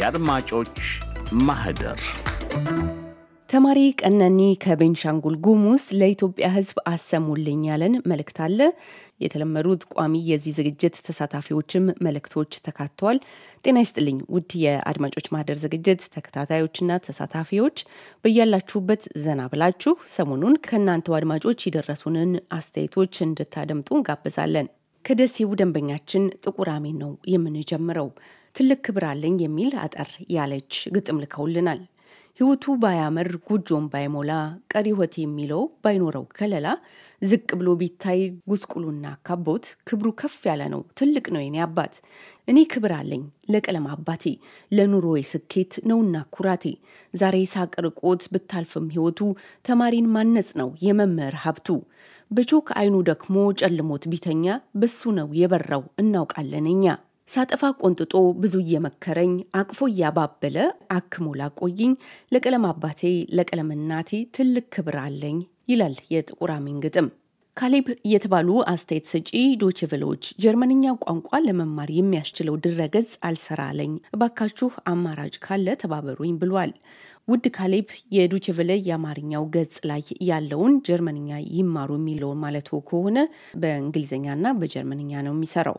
የአድማጮች ማህደር ተማሪ ቀነኒ ከቤንሻንጉል ጉሙዝ ለኢትዮጵያ ሕዝብ አሰሙልኝ ያለን መልእክት አለ። የተለመዱት ቋሚ የዚህ ዝግጅት ተሳታፊዎችም መልእክቶች ተካተዋል። ጤና ይስጥልኝ ውድ የአድማጮች ማህደር ዝግጅት ተከታታዮችና ተሳታፊዎች በያላችሁበት ዘና ብላችሁ ሰሞኑን ከእናንተው አድማጮች የደረሱንን አስተያየቶች እንድታደምጡ እንጋብዛለን። ከደሴው ደንበኛችን ጥቁር አሜን ነው የምንጀምረው። ትልቅ ክብር አለኝ የሚል አጠር ያለች ግጥም ልከውልናል። ህይወቱ ባያምር ጎጆም ባይሞላ ቀሪ ህይወት የሚለው ባይኖረው ከለላ ዝቅ ብሎ ቢታይ ጉስቁሉና ካቦት ክብሩ ከፍ ያለ ነው ትልቅ ነው የኔ አባት። እኔ ክብር አለኝ ለቀለም አባቴ ለኑሮዬ ስኬት ነውና ኩራቴ። ዛሬ ሳቅ ርቆት ብታልፍም ህይወቱ ተማሪን ማነጽ ነው የመምህር ሀብቱ። በቾክ አይኑ ደክሞ ጨልሞት ቢተኛ በሱ ነው የበራው እናውቃለን እኛ። ሳጠፋ ቆንጥጦ ብዙ እየመከረኝ አቅፎ እያባበለ አክሞ ላቆይኝ ለቀለም አባቴ ለቀለም እናቴ ትልቅ ክብር አለኝ ይላል የጥቁር አሚን ግጥም። ካሌብ የተባሉ አስተያየት ሰጪ ዶችቬሎች ጀርመንኛ ቋንቋ ለመማር የሚያስችለው ድረገጽ አልሰራለኝ፣ እባካችሁ አማራጭ ካለ ተባበሩኝ ብሏል። ውድ ካሌብ የዱችቬለ የአማርኛው ገጽ ላይ ያለውን ጀርመንኛ ይማሩ የሚለውን ማለት ከሆነ በእንግሊዝኛና በጀርመንኛ ነው የሚሰራው።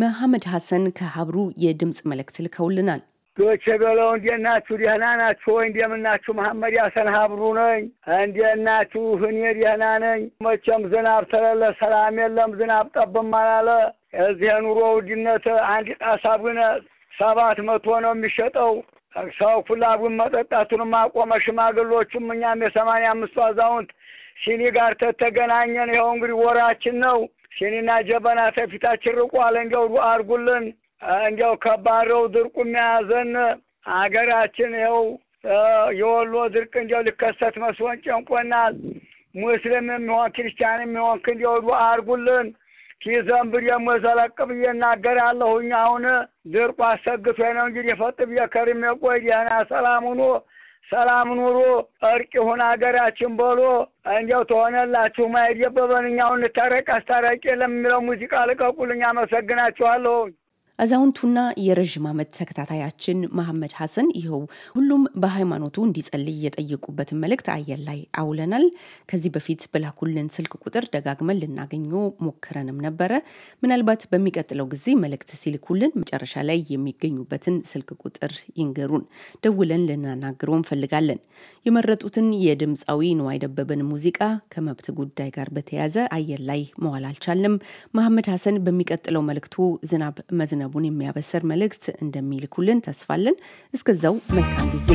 መሐመድ ሐሰን ከሀብሩ የድምፅ መልእክት ልከውልናል። ዶቼ በለው እንዴት ናችሁ? ደህና ናችሁ ወይ? እንደምናችሁ መሐመድ ሐሰን ሀብሩ ነኝ። እንዴት ናችሁ? እኔ ደህና ነኝ። መቼም ዝናብ ተለለ ሰላም የለም። ዝናብ ጠብም አላለ። እዚህ የኑሮ ውድነት አንድ ጣሳ ቡና ሰባት መቶ ነው የሚሸጠው። ሰው ኩላ ቡና መጠጣቱንም አቆመ። ሽማግሎቹም እኛም የሰማንያ አምስቱ አዛውንት ሲኒ ጋር ተተገናኘን። ይኸው እንግዲህ ወራችን ነው ሲኒና ጀበና ተፊታችን ርቆ አለ። እንዲያው ዱአ አድርጉልን። እንዲያው ከባረው ድርቁ የሚያዘን አገራችን ይኸው የወሎ ድርቅ እንዲያው ሊከሰት መስሎን ጨንቆናል። ሙስሊም የሚሆን ክርስቲያን የሚሆን እንዲያው ዱአ አድርጉልን። ኪዘን ብዬ ዘለቅ ብዬ እናገራለሁ። አሁን ድርቁ አሰግቶ ነው እንጂ ሊፈጥ ብዬ ከሪም የቆይ ደህና ሰላም ሁኖ ሰላም ኑሮ እርቅ ይሁን አገራችን በሎ እንዲያው ተሆነላችሁ ማየት የበበንኛውን ተረቅ አስታራቂ ለሚለው ሙዚቃ ልቀቁልኝ። አመሰግናችኋለሁ። አዛውንቱና የረዥም ዓመት ተከታታያችን መሐመድ ሀሰን ይኸው ሁሉም በሃይማኖቱ እንዲጸልይ የጠየቁበትን መልእክት አየር ላይ አውለናል። ከዚህ በፊት በላኩልን ስልክ ቁጥር ደጋግመን ልናገኘ ሞክረንም ነበረ። ምናልባት በሚቀጥለው ጊዜ መልእክት ሲልኩልን መጨረሻ ላይ የሚገኙበትን ስልክ ቁጥር ይንገሩን፣ ደውለን ልናናግሮ እንፈልጋለን። የመረጡትን የድምፃዊ ንዋይ ደበበን ሙዚቃ ከመብት ጉዳይ ጋር በተያያዘ አየር ላይ መዋል አልቻልንም። መሐመድ ሀሰን በሚቀጥለው መልእክቱ ዝናብ መዝነ ምናቡን የሚያበሰር መልእክት እንደሚልኩልን ተስፋለን። እስከዛው መልካም ጊዜ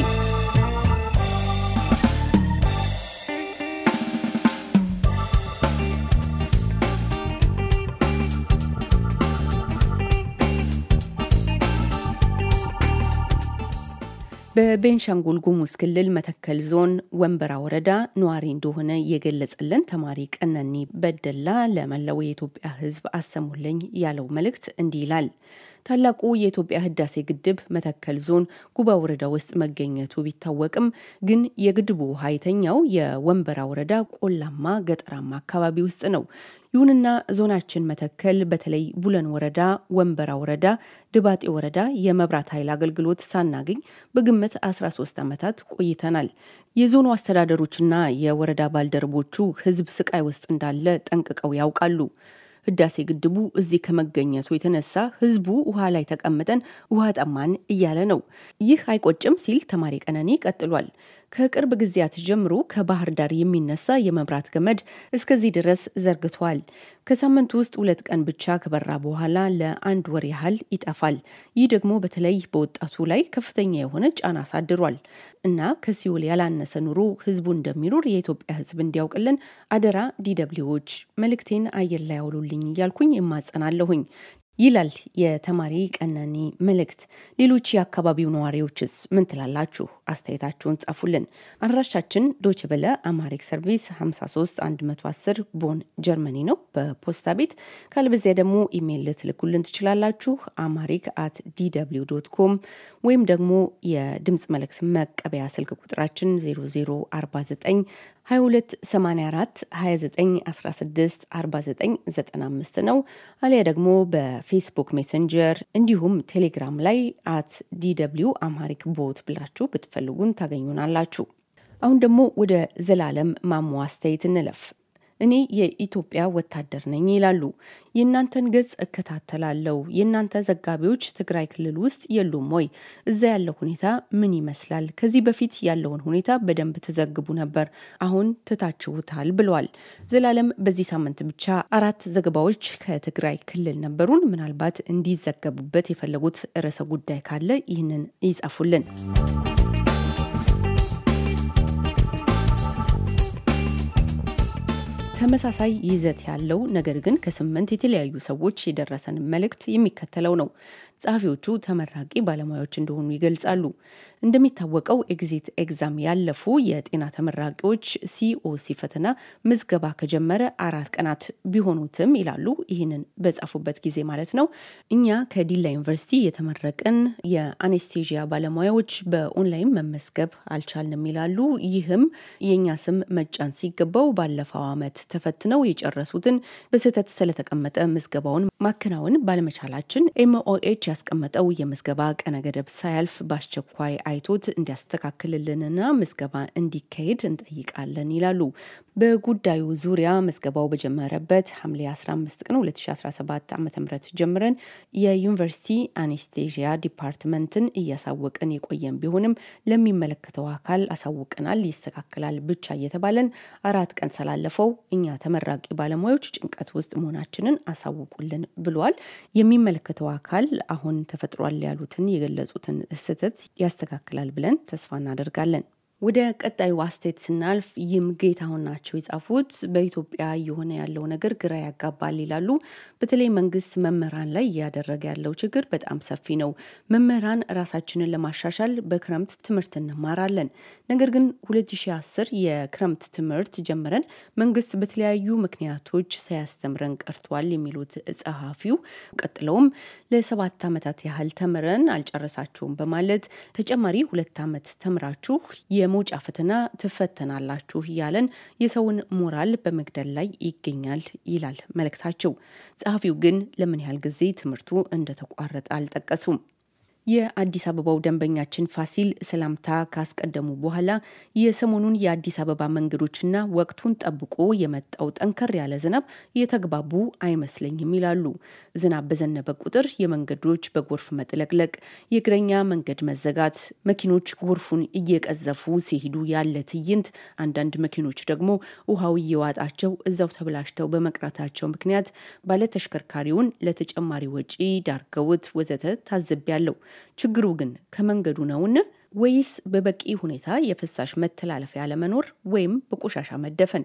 በቤንሻንጉል ጉሙዝ ክልል መተከል ዞን ወንበራ ወረዳ ነዋሪ እንደሆነ የገለጸልን ተማሪ ቀነኒ በደላ ለመላው የኢትዮጵያ ሕዝብ አሰሙልኝ ያለው መልእክት እንዲህ ይላል። ታላቁ የኢትዮጵያ ህዳሴ ግድብ መተከል ዞን ጉባ ወረዳ ውስጥ መገኘቱ ቢታወቅም ግን የግድቡ ውሃ የተኛው የወንበራ ወረዳ ቆላማ ገጠራማ አካባቢ ውስጥ ነው። ይሁንና ዞናችን መተከል በተለይ ቡለን ወረዳ፣ ወንበራ ወረዳ፣ ድባጤ ወረዳ የመብራት ኃይል አገልግሎት ሳናገኝ በግምት 13 ዓመታት ቆይተናል። የዞኑ አስተዳደሮችና የወረዳ ባልደረቦቹ ህዝብ ስቃይ ውስጥ እንዳለ ጠንቅቀው ያውቃሉ። ህዳሴ ግድቡ እዚህ ከመገኘቱ የተነሳ ህዝቡ ውሃ ላይ ተቀምጠን ውሃ ጠማን እያለ ነው። ይህ አይቆጭም ሲል ተማሪ ቀነኒ ቀጥሏል። ከቅርብ ጊዜያት ጀምሮ ከባህር ዳር የሚነሳ የመብራት ገመድ እስከዚህ ድረስ ዘርግቷል። ከሳምንቱ ውስጥ ሁለት ቀን ብቻ ከበራ በኋላ ለአንድ ወር ያህል ይጠፋል። ይህ ደግሞ በተለይ በወጣቱ ላይ ከፍተኛ የሆነ ጫና አሳድሯል እና ከሲኦል ያላነሰ ኑሮ ህዝቡ እንደሚኖር የኢትዮጵያ ህዝብ እንዲያውቅልን አደራ ዲደብሊዎች መልእክቴን አየር ላይ ያውሉልኝ እያልኩኝ የማጸናለሁኝ ይላል የተማሪ ቀነኒ መልእክት። ሌሎች የአካባቢው ነዋሪዎችስ ምን ትላላችሁ? አስተያየታችሁን ጻፉልን። አድራሻችን ዶችበለ አማሪክ ሰርቪስ 53 110 ቦን ጀርመኒ ነው በፖስታ ቤት። ካልበዚያ ደግሞ ኢሜይል ልትልኩልን ትችላላችሁ። አማሪክ አት ዲw ዶት ኮም ወይም ደግሞ የድምፅ መልእክት መቀበያ ስልክ ቁጥራችን 0049 2284 ነው። አሊያ ደግሞ በፌስቡክ ሜሰንጀር እንዲሁም ቴሌግራም ላይ አት ዲw አማሪክ ቦት ብላችሁ ብትፈ ብትፈልጉን ታገኙናላችሁ። አሁን ደግሞ ወደ ዘላለም ማሞ አስተያየት እንለፍ። እኔ የኢትዮጵያ ወታደር ነኝ ይላሉ። የእናንተን ገጽ እከታተላለው። የእናንተ ዘጋቢዎች ትግራይ ክልል ውስጥ የሉም ወይ? እዛ ያለው ሁኔታ ምን ይመስላል? ከዚህ በፊት ያለውን ሁኔታ በደንብ ትዘግቡ ነበር፣ አሁን ትታችሁታል ብለዋል። ዘላለም በዚህ ሳምንት ብቻ አራት ዘገባዎች ከትግራይ ክልል ነበሩን። ምናልባት እንዲዘገቡበት የፈለጉት ርዕሰ ጉዳይ ካለ ይህንን ይጻፉልን። ተመሳሳይ ይዘት ያለው ነገር ግን ከስምንት የተለያዩ ሰዎች የደረሰን መልእክት የሚከተለው ነው። ጸሐፊዎቹ ተመራቂ ባለሙያዎች እንደሆኑ ይገልጻሉ። እንደሚታወቀው ኤግዚት ኤግዛም ያለፉ የጤና ተመራቂዎች ሲኦሲ ፈተና ምዝገባ ከጀመረ አራት ቀናት ቢሆኑትም ይላሉ። ይህንን በጻፉበት ጊዜ ማለት ነው። እኛ ከዲላ ዩኒቨርሲቲ የተመረቅን የአኔስቴዥያ ባለሙያዎች በኦንላይን መመዝገብ አልቻልንም ይላሉ። ይህም የእኛ ስም መጫን ሲገባው ባለፈው ዓመት ተፈትነው የጨረሱትን በስህተት ስለተቀመጠ ምዝገባውን ማከናወን ባለመቻላችን ኤምኦኤች ያስቀመጠው የምዝገባ ቀነ ገደብ ሳያልፍ በአስቸኳይ አይቶት እንዲያስተካክልልንና ምዝገባ እንዲካሄድ እንጠይቃለን ይላሉ። በጉዳዩ ዙሪያ መዝገባው በጀመረበት ሐምሌ 15 ቀን 2017 ዓ ም ጀምረን የዩኒቨርሲቲ አኔስቴዥያ ዲፓርትመንትን እያሳወቅን የቆየን ቢሆንም ለሚመለከተው አካል አሳውቀናል፣ ይስተካከላል ብቻ እየተባለን አራት ቀን ስላለፈው እኛ ተመራቂ ባለሙያዎች ጭንቀት ውስጥ መሆናችንን አሳውቁልን ብሏል። የሚመለከተው አካል አሁን ተፈጥሯል ያሉትን የገለጹትን ስህተት ያስተካክላል ብለን ተስፋ እናደርጋለን። ወደ ቀጣዩ አስተያየት ስናልፍ ይህም ጌታሁን ናቸው የጻፉት። በኢትዮጵያ እየሆነ ያለው ነገር ግራ ያጋባል ይላሉ። በተለይ መንግስት መምህራን ላይ እያደረገ ያለው ችግር በጣም ሰፊ ነው። መምህራን ራሳችንን ለማሻሻል በክረምት ትምህርት እንማራለን። ነገር ግን 2010 የክረምት ትምህርት ጀምረን መንግስት በተለያዩ ምክንያቶች ሳያስተምረን ቀርቷል የሚሉት ጸሐፊው ቀጥለውም ለሰባት ዓመታት ያህል ተምረን አልጨረሳችሁም በማለት ተጨማሪ ሁለት ዓመት ተምራችሁ የመውጫ ፈተና ትፈተናላችሁ እያለን የሰውን ሞራል በመግደል ላይ ይገኛል ይላል መልእክታቸው። ጸሐፊው ግን ለምን ያህል ጊዜ ትምህርቱ እንደተቋረጠ አልጠቀሱም። የአዲስ አበባው ደንበኛችን ፋሲል ሰላምታ ካስቀደሙ በኋላ የሰሞኑን የአዲስ አበባ መንገዶችና ወቅቱን ጠብቆ የመጣው ጠንከር ያለ ዝናብ የተግባቡ አይመስለኝም ይላሉ። ዝናብ በዘነበ ቁጥር የመንገዶች በጎርፍ መጥለቅለቅ፣ የእግረኛ መንገድ መዘጋት፣ መኪኖች ጎርፉን እየቀዘፉ ሲሄዱ ያለ ትዕይንት፣ አንዳንድ መኪኖች ደግሞ ውሃው እየዋጣቸው እዛው ተብላሽተው በመቅረታቸው ምክንያት ባለተሽከርካሪውን ለተጨማሪ ወጪ ዳርገውት ወዘተ ታዝቤያለሁ። ችግሩ ግን ከመንገዱ ነውን? ወይስ በበቂ ሁኔታ የፍሳሽ መተላለፊያ አለመኖር ወይም በቆሻሻ መደፈን?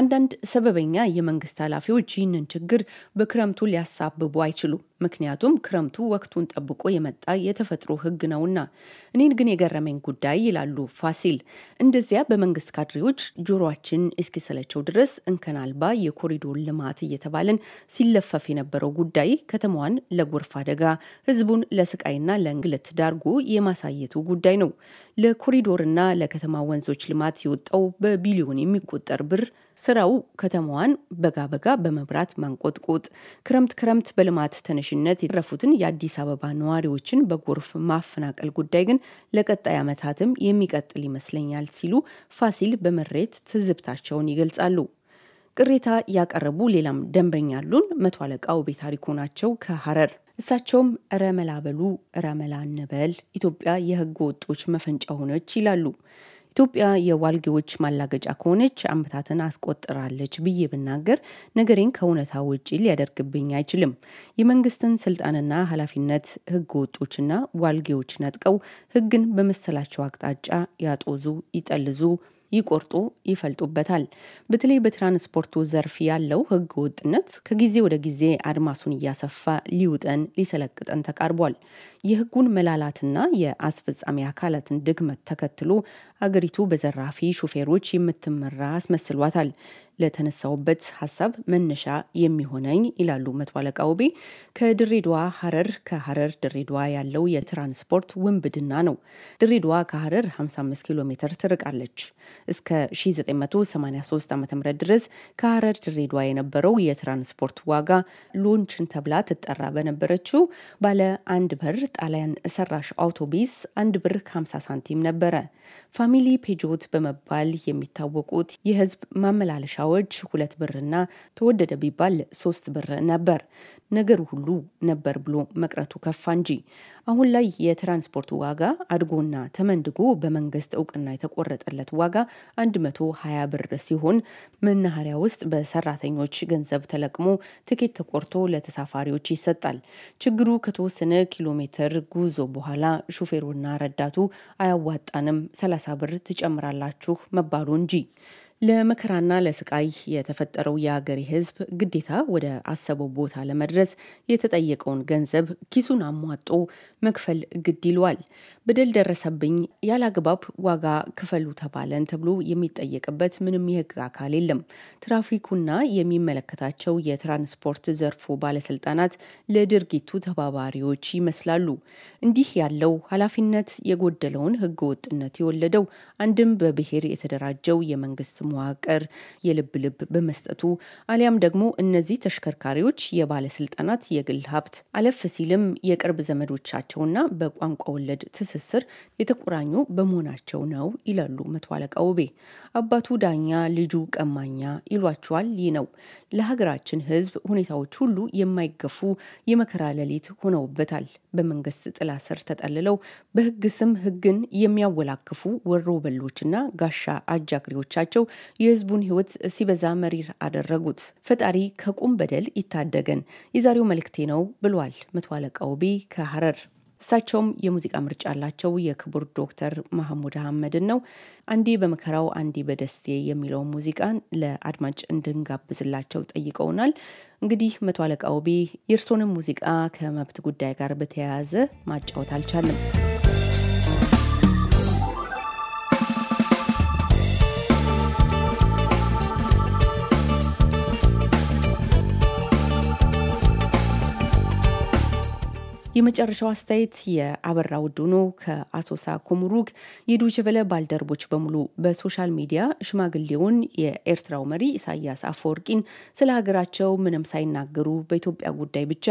አንዳንድ ሰበበኛ የመንግስት ኃላፊዎች ይህንን ችግር በክረምቱ ሊያሳብቡ አይችሉም። ምክንያቱም ክረምቱ ወቅቱን ጠብቆ የመጣ የተፈጥሮ ህግ ነውና። እኔን ግን የገረመኝ ጉዳይ ይላሉ ፋሲል፣ እንደዚያ በመንግስት ካድሬዎች ጆሮችን እስኪሰለቸው ድረስ እንከን አልባ የኮሪዶር ልማት እየተባለን ሲለፈፍ የነበረው ጉዳይ ከተማዋን ለጎርፍ አደጋ፣ ህዝቡን ለስቃይና ለእንግልት ዳርጎ የማሳየቱ ጉዳይ ነው። ነው። ለኮሪዶርና ለከተማ ወንዞች ልማት የወጣው በቢሊዮን የሚቆጠር ብር ስራው ከተማዋን በጋ በጋ በመብራት ማንቆጥቆጥ፣ ክረምት ክረምት በልማት ተነሽነት የተረፉትን የአዲስ አበባ ነዋሪዎችን በጎርፍ ማፈናቀል ጉዳይ ግን ለቀጣይ ዓመታትም የሚቀጥል ይመስለኛል ሲሉ ፋሲል በመሬት ትዝብታቸውን ይገልጻሉ። ቅሬታ ያቀረቡ ሌላም ደንበኛ አሉን። መቶ አለቃ ውቤ ታሪኩ ናቸው ከሀረር እሳቸውም ረመላ በሉ ረመላ ንበል እንበል ኢትዮጵያ የህገ ወጦች መፈንጫ ሆነች ይላሉ። ኢትዮጵያ የዋልጌዎች ማላገጫ ከሆነች አመታትን አስቆጥራለች ብዬ ብናገር ነገሬን ከእውነታ ውጪ ሊያደርግብኝ አይችልም። የመንግስትን ስልጣንና ኃላፊነት ህገ ወጦችና ዋልጌዎች ነጥቀው ህግን በመሰላቸው አቅጣጫ ያጦዙ፣ ይጠልዙ ይቆርጡ፣ ይፈልጡበታል። በተለይ በትራንስፖርቱ ዘርፍ ያለው ህግ ወጥነት ከጊዜ ወደ ጊዜ አድማሱን እያሰፋ ሊውጠን ሊሰለቅጠን ተቃርቧል። የህጉን መላላትና የአስፈጻሚ አካላትን ድግመት ተከትሎ አገሪቱ በዘራፊ ሹፌሮች የምትመራ አስመስሏታል። ለተነሳውበት ሀሳብ መነሻ የሚሆነኝ ይላሉ መቶ አለቃ ውቤ። ከድሬዳዋ ሀረር ከሀረር ድሬዳዋ ያለው የትራንስፖርት ውንብድና ነው። ድሬዳዋ ከሀረር 55 ኪሎ ሜትር ትርቃለች። እስከ 1983 ዓ ም ድረስ ከሀረር ድሬዳዋ የነበረው የትራንስፖርት ዋጋ ሎንችን ተብላ ትጠራ በነበረችው ባለ አንድ በር ጣሊያን ሰራሽ አውቶቢስ አንድ ብር ከ50 ሳንቲም ነበረ። ፋሚሊ ፔጆት በመባል የሚታወቁት የህዝብ ማመላለሻዎች ሁለት ብርና ተወደደ ቢባል ሶስት ብር ነበር። ነገሩ ሁሉ ነበር ብሎ መቅረቱ ከፋ እንጂ አሁን ላይ የትራንስፖርት ዋጋ አድጎና ተመንድጎ በመንግስት እውቅና የተቆረጠለት ዋጋ 120 ብር ሲሆን መናኸሪያ ውስጥ በሰራተኞች ገንዘብ ተለቅሞ ትኬት ተቆርጦ ለተሳፋሪዎች ይሰጣል። ችግሩ ከተወሰነ ኪሎ ሜትር ጉዞ በኋላ ሹፌሩና ረዳቱ አያዋጣንም ሰላሳ ብር ትጨምራላችሁ መባሉ እንጂ ለመከራና ለስቃይ የተፈጠረው የአገሬ ሕዝብ ግዴታ ወደ አሰበው ቦታ ለመድረስ የተጠየቀውን ገንዘብ ኪሱን አሟጦ መክፈል ግድ ይሏል። በደል ደረሰብኝ ያላግባብ ዋጋ ክፈሉ ተባለን ተብሎ የሚጠየቅበት ምንም የህግ አካል የለም። ትራፊኩና የሚመለከታቸው የትራንስፖርት ዘርፉ ባለስልጣናት ለድርጊቱ ተባባሪዎች ይመስላሉ። እንዲህ ያለው ኃላፊነት የጎደለውን ሕገ ወጥነት የወለደው አንድም በብሔር የተደራጀው የመንግስት መዋቅር የልብ ልብ በመስጠቱ አሊያም ደግሞ እነዚህ ተሽከርካሪዎች የባለስልጣናት የግል ሀብት አለፍ ሲልም የቅርብ ዘመዶቻቸውና በቋንቋ ወለድ ትስስር የተቆራኙ በመሆናቸው ነው ይላሉ መቶ አለቃ ውቤ። አባቱ ዳኛ፣ ልጁ ቀማኛ ይሏቸዋል። ይህ ነው ለሀገራችን ህዝብ ሁኔታዎች ሁሉ የማይገፉ የመከራ ሌሊት ሆነውበታል። በመንግስት ጥላ ስር ተጠልለው በህግ ስም ህግን የሚያወላክፉ ወሮ በሎችና ጋሻ አጃግሪዎቻቸው የህዝቡን ህይወት ሲበዛ መሪር አደረጉት። ፈጣሪ ከቁም በደል ይታደገን። የዛሬው መልእክቴ ነው ብሏል መቶ አለቃው ከሀረር እሳቸውም የሙዚቃ ምርጫ አላቸው። የክቡር ዶክተር መሐሙድ አህመድን ነው። አንዴ በመከራው አንዴ በደስቴ የሚለውን ሙዚቃን ለአድማጭ እንድንጋብዝላቸው ጠይቀውናል። እንግዲህ መቶ አለቃ ውቤ የእርሶንም ሙዚቃ ከመብት ጉዳይ ጋር በተያያዘ ማጫወት አልቻለም። የመጨረሻው አስተያየት የአበራ ውዱ ነው ከአሶሳ ኩምሩግ የዶችቨለ ባልደረቦች በሙሉ በሶሻል ሚዲያ ሽማግሌውን የኤርትራው መሪ ኢሳያስ አፈወርቂን ስለ ሀገራቸው ምንም ሳይናገሩ በኢትዮጵያ ጉዳይ ብቻ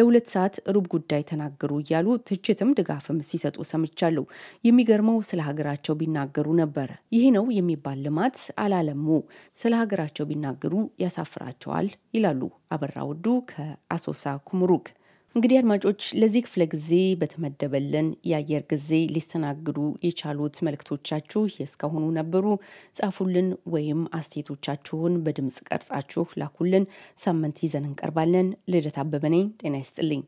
ለሁለት ሰዓት ሩብ ጉዳይ ተናገሩ እያሉ ትችትም ድጋፍም ሲሰጡ ሰምቻለሁ። የሚገርመው ስለ ሀገራቸው ቢናገሩ ነበር። ይህ ነው የሚባል ልማት አላለሙ። ስለ ሀገራቸው ቢናገሩ ያሳፍራቸዋል ይላሉ አበራ ውዱ ከአሶሳ ኩምሩግ። እንግዲህ አድማጮች ለዚህ ክፍለ ጊዜ በተመደበልን የአየር ጊዜ ሊስተናግዱ የቻሉት መልእክቶቻችሁ የእስካሁኑ ነበሩ። ጻፉልን ወይም አስተያየቶቻችሁን በድምፅ ቀርጻችሁ ላኩልን። ሳምንት ይዘን እንቀርባለን። ልደት አበበ ነኝ። ጤና ይስጥልኝ።